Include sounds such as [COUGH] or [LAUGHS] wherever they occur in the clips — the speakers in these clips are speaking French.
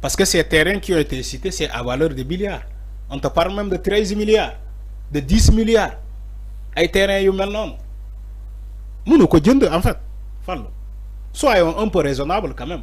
Parce que ces terrains qui ont été cités, c'est à valeur de milliards. On te parle même de 13 milliards, de 10 milliards. Les terrains yu mel nous ne en fait soyons un peu raisonnable quand même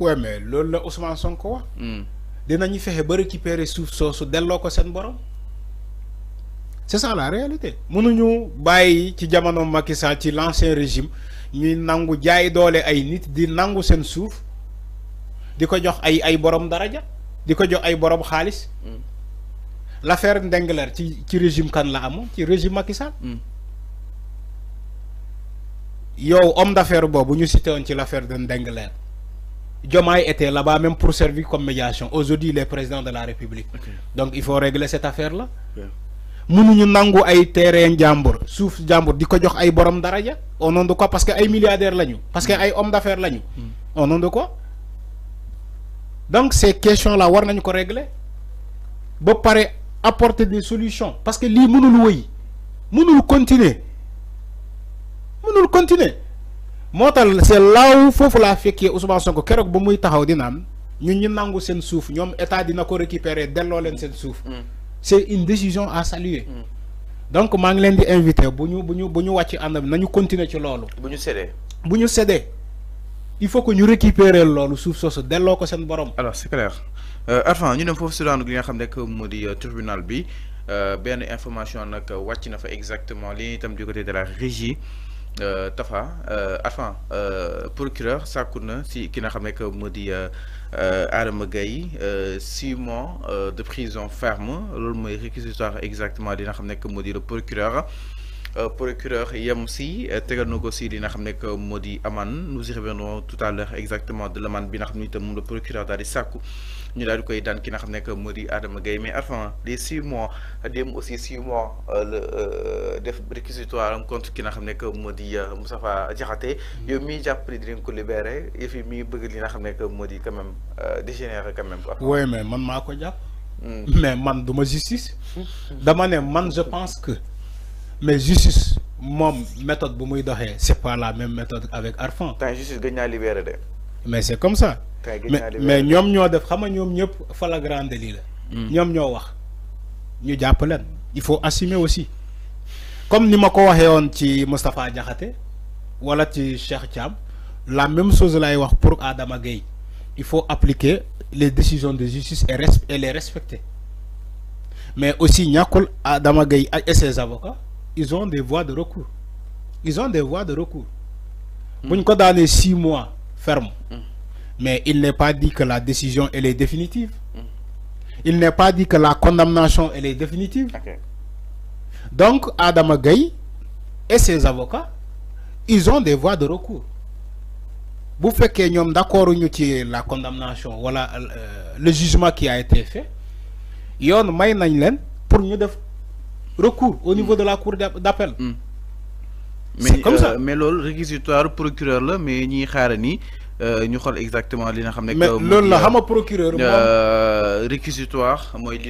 ouais mais loolu la Ousmane Sonko wax. Hmm. dinañu fexe ba récupérer suuf soosu delloo ko seen borom. c'est ça la réalité mënuñu bàyyi ci jamono Macky Sall ci l'ancien régime ñuy nangu jaay doole ay nit di nangu seen suuf di ko jox ay ay borom daraja di ko jox ay borom xaalis. Hmm. l'affaire Ndengler ci ci régime kan la amoon ci régime Macky Sall. Hmm. yow homme d'affaires boobu ñu cité woon ci l'affaire de Ndengler. Diomaye était là-bas même pour servir comme médiation. Aujourd'hui, il est président de la République. Donc, il faut régler cette affaire-là. Nous avons ay terrain jambour, souf jambour, diko jox ay borom dara ja. Au nom de quoi Parce que ay milliardaires lañu, parce a des hommes d'affaires lañu. Mm. Au nom de quoi Donc ces questions-là war nañ ko régler. Ba paré apporter des solutions parce que li mënul wëy. Mënul continuer. Mënul continuer motal c'est seen laaw foofu laa fekkee Ousmane Sonko kérok ba muy taxaw dina am ñun ñu nangu sen souf ñom état dina ko récupérer delloo len sen souf mm. c'est une décision à saluer. Mm. donc ma ngi leen di inviter buñu buñu buñu ñu and nañu continuer ci lolu buñu ñu buñu bu il faut que ñu récupérer lolu souf soosu delloo ko sen borom. alors c'est clair euh Arfan ñu dem fofu si daanu li nga xam ne moo di euh, tribunal bi euh ben information nak euh, wàcc na fa exactement li tam du côté de la régie. Euh, Tafa euh, euh, procureur sàkku si ki n'a xam ne que moo di euh, Adama Gaye six mois de prison ferme loolu mooy réquisitoire exactement qui n'a xam ne que le procureur euh, procureur yem si euh, tegal na ko si li nga xam nous y reviendrons tout à l'heure exactement de l'amende bi nga xam ne itam procureur daal di sàkku ñu daal koy daan ki nga xam ne moo Adama Gaye mais avant les 6 mois dem aussi 6 mois euh, le def réquisitoire contre ki nga xam ne moo di Moustapha Diakhaté mm-hmm. yow miy jàppale dinañ ko libéré yëf mi bëgg li nga xam ne moo quand même dégénéré quand même ouais mais man mako japp mm. mais man duma justice. [LAUGHS] dama né man je pense que mais justice mon méthode bu muy doxee c'est pas la même méthode avec Arfan. ta justice libéré mais c'est comme ça. mais ñom ñoo def xam nga ñoom la flagrant délit la. Hmm. ñom ñoo wax ñu japp len il faut assumer aussi comme ni mako waxé waxee ci Moustapha ou wala ci Cheikh Thiam la même chose lay wax pour Adama Gueye il faut appliquer les décisions de justice et les respecter mais aussi ñakul Adama Gueye et ses avocats ils ont des voies de recours. Ils ont des voies de recours. Mmh. une six mois, ferme. Hmm. Mais il n'est pas dit que la décision, elle est définitive. Hmm. Il n'est pas dit que la condamnation, elle est définitive. Donc, Adam Gaye et ses avocats, ils ont des voies de recours. Vous faites que nous d'accord la condamnation, voilà euh, le jugement qui a été fait. Ils ont pour nous recours au niveau hmm. de la cour d'appel. Hmm. mais comme ça euh, mais lol, réquisitoire procureur là mais ni ni nous xool exactement li nga pas mais le euh, euh, la procureur. réquisitoire li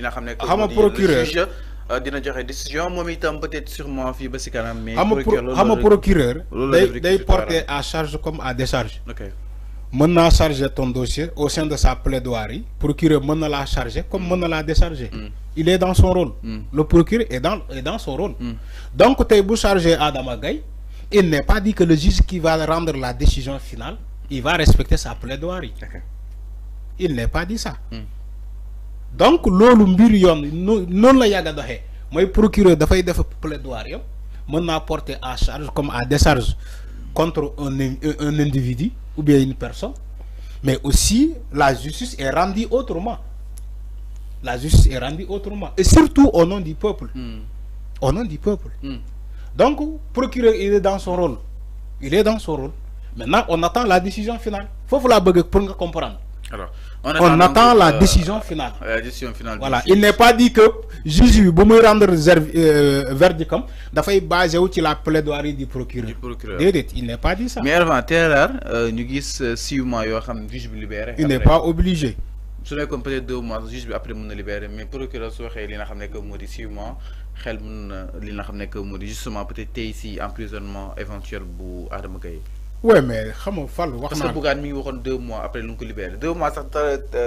procureur peut-être sûrement procureur porter à charge comme à décharge mën charger ton dossier au sein de sa plaidoirie procureur mën l'a charger comme mën l'a la décharger. Mm. il est dans son rôle. Mm. le procureur est dans est dans son rôle. Mm. donc tey bu charger Adama Gay. il n'est pas dit que le juge qui va rendre la décision finale il va respecter sa plaidoirie. il n'est pas dit ça. donc loolu mbir non la yaga a doxee procureur dafay def plaidoirie yëpp porter à charge comme à décharge contre un un individu ou bien une personne, mais aussi la justice est rendue autrement. La justice est rendue autrement. Et surtout au nom du peuple. Hmm. Au nom du peuple. Hmm. Donc, procureur, il est dans son rôle. Il est dans son rôle. Maintenant, on attend la décision finale. faut vous la comprendre. Alors, on, on attend la, euh, décision finale. la décision finale. Voilà, il n'est pas dit que juge bi bu muy rendre euh, verdict comme dafay basé où ci la plaidoirie du procureur. du procureur déedéet il n'est pas dit ça. mais avant très rare euh, ñu vous euh, six mois yoo juge libéré. il n'est pas obligé. su nekkoon peut-être deux mois juge après mon libéré mais procureur su la li il n'a ne que mourir. di six mois xel mën na li nga xam que justement peut-être ici si emprisonnement éventuel bu Adama Gaye ouais mais xam faut... Fallou wax parce que mi dit deux mois après lu libéré deux mois ça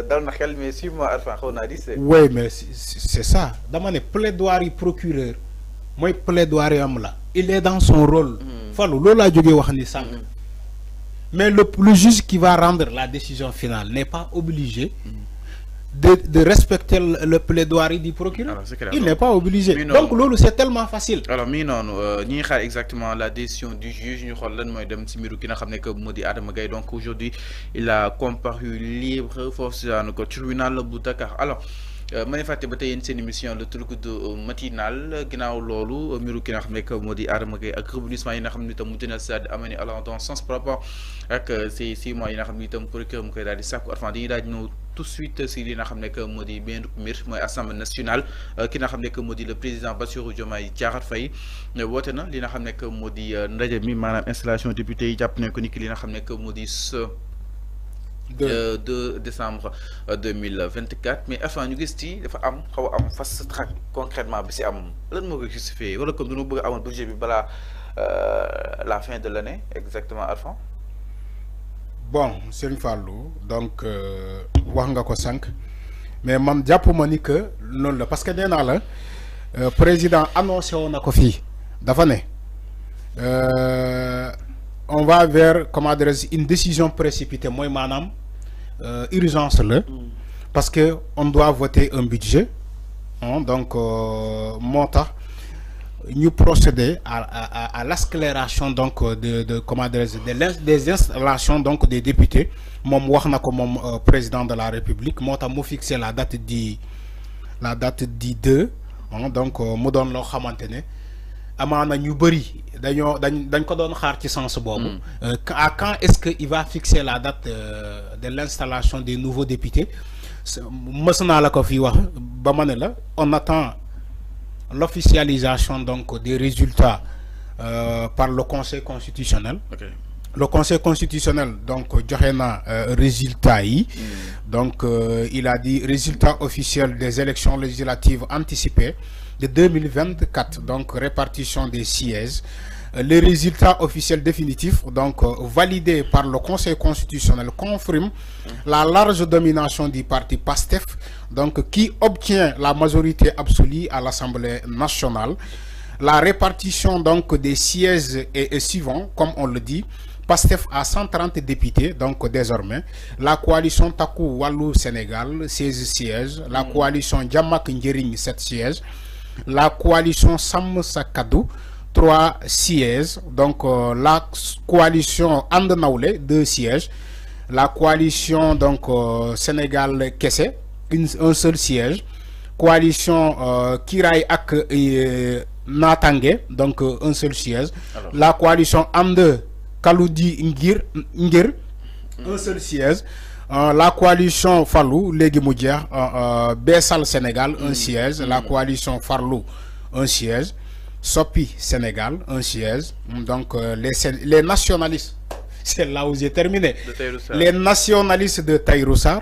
dal na xel mais six mois Arfan a dit c'est ouais mais c'est ça Damane, ne plaidoirie procureur moi plaidoirie am la il est dans son rôle mm. Fallou Lola laa jógee wax ni mm. mais le le juge qui va rendre la décision finale n'est pas obligé mm de, respecter le, le du procureur. il n'est pas obligé. Donc, c'est tellement facile. Alors, mais non, nous euh, exactement la décision du juge. Nous avons dit que Adam Gaye, donc aujourd'hui, il a comparu libre, tribunal de Boutakar. Alors, euh, manifesté ba tey sen émission le truc de euh, matinal ginaaw lolu euh, mbiru ki nga xamné ko modi di ak rebondissement yi nga xamné tam itam mu dina amani ala dans sens par rapport ak ci ci mois yi nga xam ne itam procureur mu koy daal di sàkku arfan dañuy daal di tout de suite si li nga xamné ne que moo di benn mbir assemblée nationale ki nga xamné ne que moo le président Bassirou Diomaye Diakhar fay woote na li nga xamné ne que moo ndaje mi manam installation député yi jàpp nañ ko ni ki li nga xamné ne que moo 2 euh, décembre 2024 euh, mais avant ñu gis ci dafa am concrètement c'est un am lan moo koy fait. wala comme dañoo bëgg a budget bi euh, la fin de l'année, exactement exactement fond bon c'est Serigne Fallou donc wax nga ko sànq mais man pour ma ni que la parce que nee an, la président annoncé woon a ko fii on va vers comment dire une décision précipitée mooy maanaam. Euh, urgence là, parce que on doit voter un budget, hein, donc euh, Nous procéder à, à, à donc euh, de, de comment des installations donc des députés. Mon comme euh, président de la République, moi fixé la date dit la date dit hein, 2 donc donne leur amana ñu dañ ko xaar mm. euh, à quand est-ce qu'il il va fixer la date euh, de l'installation des nouveaux députés on attend l'officialisation donc des résultats euh, par le conseil constitutionnel. le conseil constitutionnel donc mm. donc il a dit résultat officiel des élections législatives anticipées de 2024. Donc, répartition des sièges. Euh, les résultats officiels définitifs, donc euh, validé par le Conseil constitutionnel, confirme la large domination du parti PASTEF, donc qui obtient la majorité absolue à l'Assemblée nationale. La répartition donc des sièges est, est suivante, comme on le dit. PASTEF a 130 députés, donc désormais. La coalition Taku Walou Sénégal, 16 sièges. La coalition Djamak Ngering, 7 sièges la coalition Sam Sakadou, trois sièges. Donc euh, la coalition Andenaoulé, deux sièges. La coalition donc euh, Sénégal Kessé, un seul siège. Coalition euh, Kirai Ak donc un seul siège. La coalition Ande Kaloudi Ngir, un seul siège. Euh, la coalition Farlou Légui mu euh, euh, Bessal Sénégal un mm. siège la mm. coalition Farlou un siège Sopi Sénégal un siège donc les nationalistes [LAUGHS] c'est là où j'ai terminé les nationalistes de Taïroussar,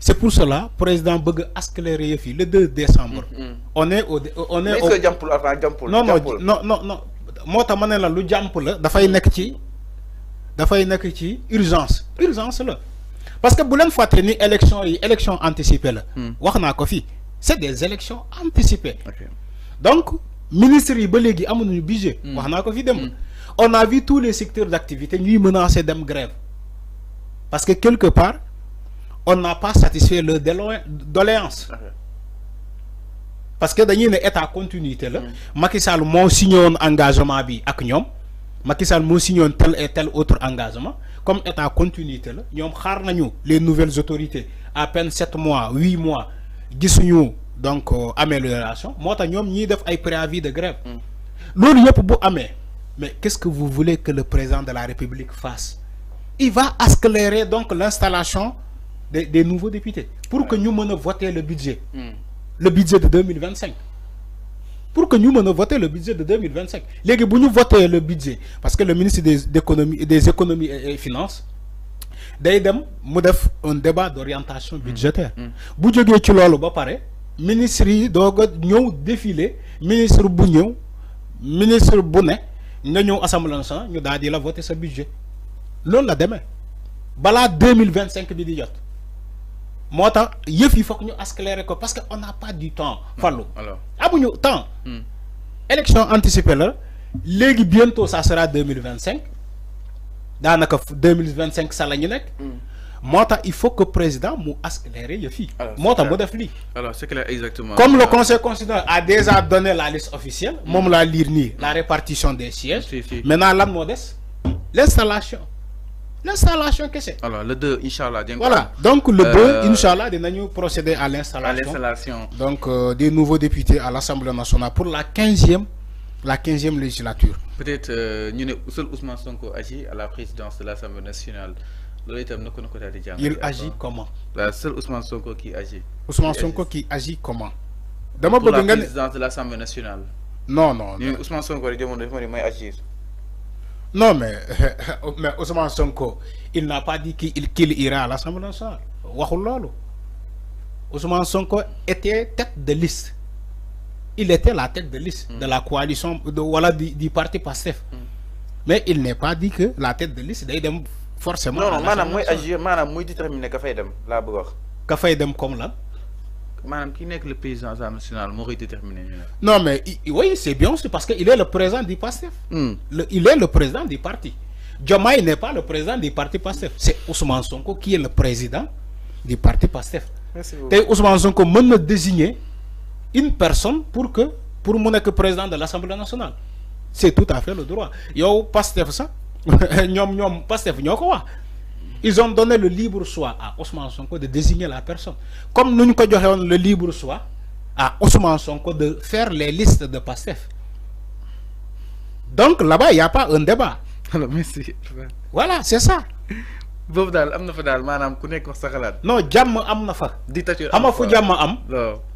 C'est pour cela, le président veut Ascléré le 2 décembre. Mm, mm. On est au. On est Mais est-ce au... que Non, non, non, non, non. Moi, je suis là, le Jampol, il y a une urgence. Urgence, là. Parce que si vous avez une élection, élection anticipée, mm. c'est des élections anticipées. Okay. Donc, ministre, de y a un budget. Mm. mm. On a vu tous les secteurs d'activité, menacés de grève. Parce que quelque part, on n'a pas satisfait leur doléance. parce que dañuy est état continuité là, mm. Macky Sall signé un engagement bi ak ñoom. Macky Sall signé tel et tel autre engagement comme état continuité là, a xaar nañu les nouvelles autorités à peine sept mois 8 mois gisuñu donc euh, amélioration moi tax ñoom ñiy def préavis de grève. Mm. loolu pour bu mais qu'est-ce que vous voulez que le président de la République fasse. il va accélérer donc l'installation des, nouveaux députés pour que nous puissions voter le budget, hmm. le budget de 2025. Pour que nous puissions voter le budget de 2025. Les gens, nous voter le budget, parce que le ministre des, des économies, des économies et, et finances, d'ailleurs, nous fait un débat d'orientation budgétaire. Si nous avons fait le ministre nous défiler ministre Bougnon, ministre Bonnet, nous avons assemblé ensemble, nous la voter ce budget. L'on l'a demain. la 2025 bi di il faut que nous nous ñu parce qu'on n'a pas du temps fallu nous temps élection anticipée là bientôt ça sera 2025 dans 2025, ça hmm. il faut que le président nous accélérer yëf yi a alors c'est clair exactement comme le conseil constitutionnel a déjà hmm. donné la liste officielle je vais lire la hmm. répartition des sièges maintenant l'installation l'installation c'est alors le 2 inchallah voilà donc le 2 euh, inchallah de nous procéder à l'installation à donc euh, des nouveaux députés à l'Assemblée nationale pour la 15e la 15e législature. peut-être euh, ñu ne seul Ousmane Sonko agit à la présidence de l'Assemblée nationale. Il agit comment La seule Ousmane Sonko qui agit. Ousmane Sonko qui agit comment Pour la présidence de l'Assemblée nationale. Non, non. non. Ousmane Sonko, il demande de agir. Non, mais, [LAUGHS] mais Ousmane Sonko, il n'a pas dit qu'il qu ira à l'Assemblée nationale. Ousmane Sonko était tête de liste. Il était la tête de liste de la coalition, du, parti PASTEF. Mm. Mais il n'est pas dit que la tête de liste est forcément. Non, non, je suis déterminé. Je suis déterminé. Je comme là qui n'est que le président de l'Assemblée nationale déterminé non mais oui c'est bien aussi parce qu'il est le président du PASTEF. Hmm. il est le président du parti. Diomaye n'est pas le président du parti PASTEF C'est Ousmane Sonko qui est le président du parti PASTEF. Et Ousmane Sonko m'a désigné une personne pour que pour sois que président de l'Assemblée nationale. C'est tout à fait le droit yow PASTEF ça pas nyom PASTEF nyoko wa. wax ils ont donné le libre choix à Osman Sonko de désigner la personne comme nous nous avons le libre choix à Osman Sonko de faire les listes de Pastef donc là-bas il n'y a pas un débat. voilà c'est ça. avez dit que dictature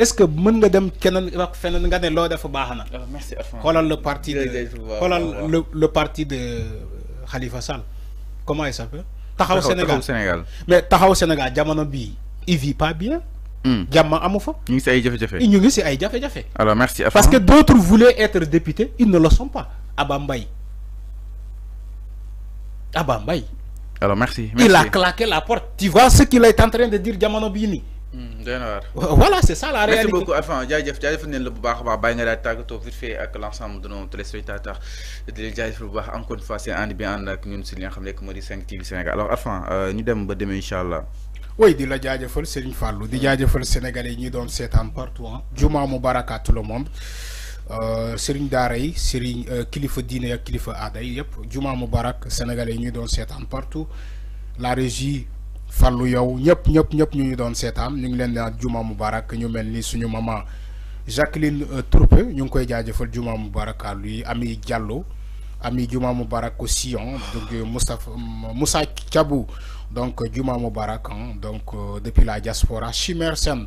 est-ce que mën nga dem kenen wax feneen nga ne def baax na. Oh, merci xoolal le parti de le le parti de Khalifa Sall comment il s'appelle. taxaw Sénégal mais taxaw Sénégal jamono bi il vit pas bien. Hmm. jàmm amu fa. ñu ngi ci ay jafé jafé ñu ngi ci ay alors merci parce que d'autres voulaient être députés ils ne le sont pas Abambaï. Abambaï. alors merci il a claqué la porte. tu vois ce qu'il est en train de dire jamono bi ni Hmm, voilà c'est ça la réalité merci beaucoup Arfan jaajëf jaajëf nañ la bu baax a baax bàyyi nga daal tàggatoo vite fait ak l' de nos téléspectateurs di leen jaajëfal bu baax encore une fois c'est ànd bien ànd ak ñun si li nga xam ne moo 5 TV Sénégal alors Afan, Arfan euh, ñu dem ba demee incha allah. oui di la jaajëfal Serigne Fallou di jaajëfal sénégalais yi ñu doon seetaan partout ah. Hein. juma mu barakaatu le monde euh, Serigne Daara Serigne euh, kilifa diine ak kilifa Adaye. yi yëpp juma sénégalais yi ñu doon seetaan partout la régie fallu yow ñep ñep ñep ñuy doon ñu ngi maman Jacqueline euh, Troupe ñu ngi koy jaajeufal juma mubarak Ami Diallo Ami juma mubarak Sion donc euh, Moustapha euh, Moussa donc juma mubarak hein, donc depuis la diaspora Chimère Sen.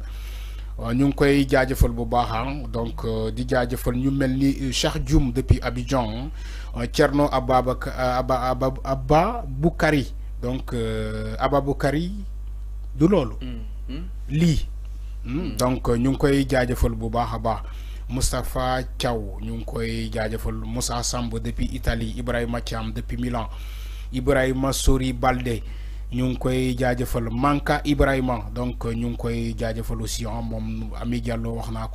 ñu koy jaajeufal bu hein, donc di jaajeufal ñu melni depuis Abidjan hein, Abba Abba donc euh, Ababoukari du mm. mm. Li. Mm. donc nous avons koy bu baax Mustapha Moustapha Thiaw Moussa depuis Italie Ibrahima Thiam depuis Milan Ibrahima Souri Balde ñung koy Manka Ibrahima donc avons koy aussi ah,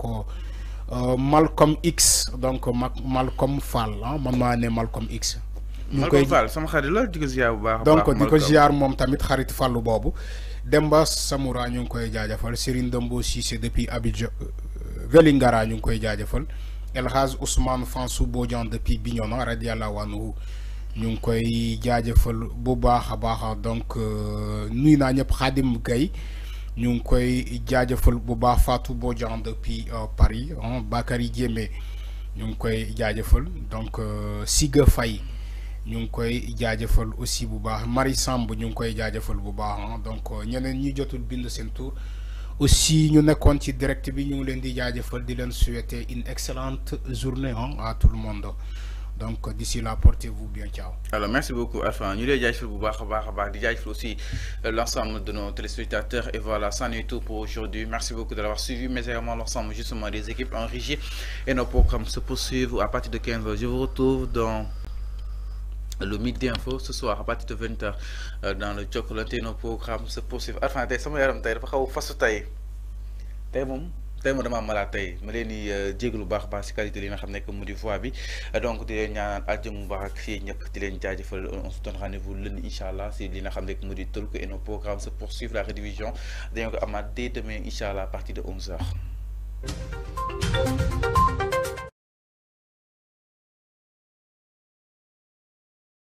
euh, Malcolm X donc Malcolm Fall ah, maintenant Malcolm X ñu ngi koy Fall sama xarit la di ko ziar bu baax. donc di ko ziar moom tamit xarit fàllu boobu. Demba Samoura ñu koy jaajëfal Serigne Dembo Cissé depuis Abidjan euh, Velingara, ñu ngi koy jaajëfal El Hadj Ousmane Fansou Bodian depuis Bignona radiyallahu anhu ñu ngi koy jaajëfal bu baax a donc euh, nuy naa ñëpp Xaadim Gaye ñu ngi koy jaajëfal bu baax Fatou Bodian depuis euh, Paris hein, Bakary Diémé ñu ngi koy jaajëfal donc Siga Faye ñu ngi koy jaajëfal aussi bu baax Marie Sambu, ñu ngi koy jaajëfal bu baax ah. donc euh, ñeneen ñi jotul bind seen tour aussi ñu nekkoon ci direct bi ñu leen di jaajëfal di leen souhaiter une excellente journée ah, à tout le monde donc d'ici là portez-vous bien ciao. alors merci beaucoup Alpha ñu lay jaajëfal bu baax a baax baax di jaajëfal aussi euh, l'ensemble de nos téléspectateurs et voilà ça n'est tout pour aujourd'hui merci beaucoup de l'avoir suivi mais également l'ensemble justement des équipes en régie et nos programmes se poursuivent à partir de 15 h je vous retrouve dans le midi info ce soir à partir de 20h euh, dans le Jokolante nos programmes se poursuivent enfin tey sama yaram tey dafa xaw fasu tay tay mom tay mo dama mala tay ma leni djeglu euh, bax baax baax qualité li nga xam ne du voix bi euh, donc di len ñaanal àjjum mu baax ak fii di len jajeufal on se donne rendez-vous lundi incha allah si li nga xam ne que mu et nos programmes se poursuivent la rédivision dañoo ko amaat dès demain incha à partir de 11h.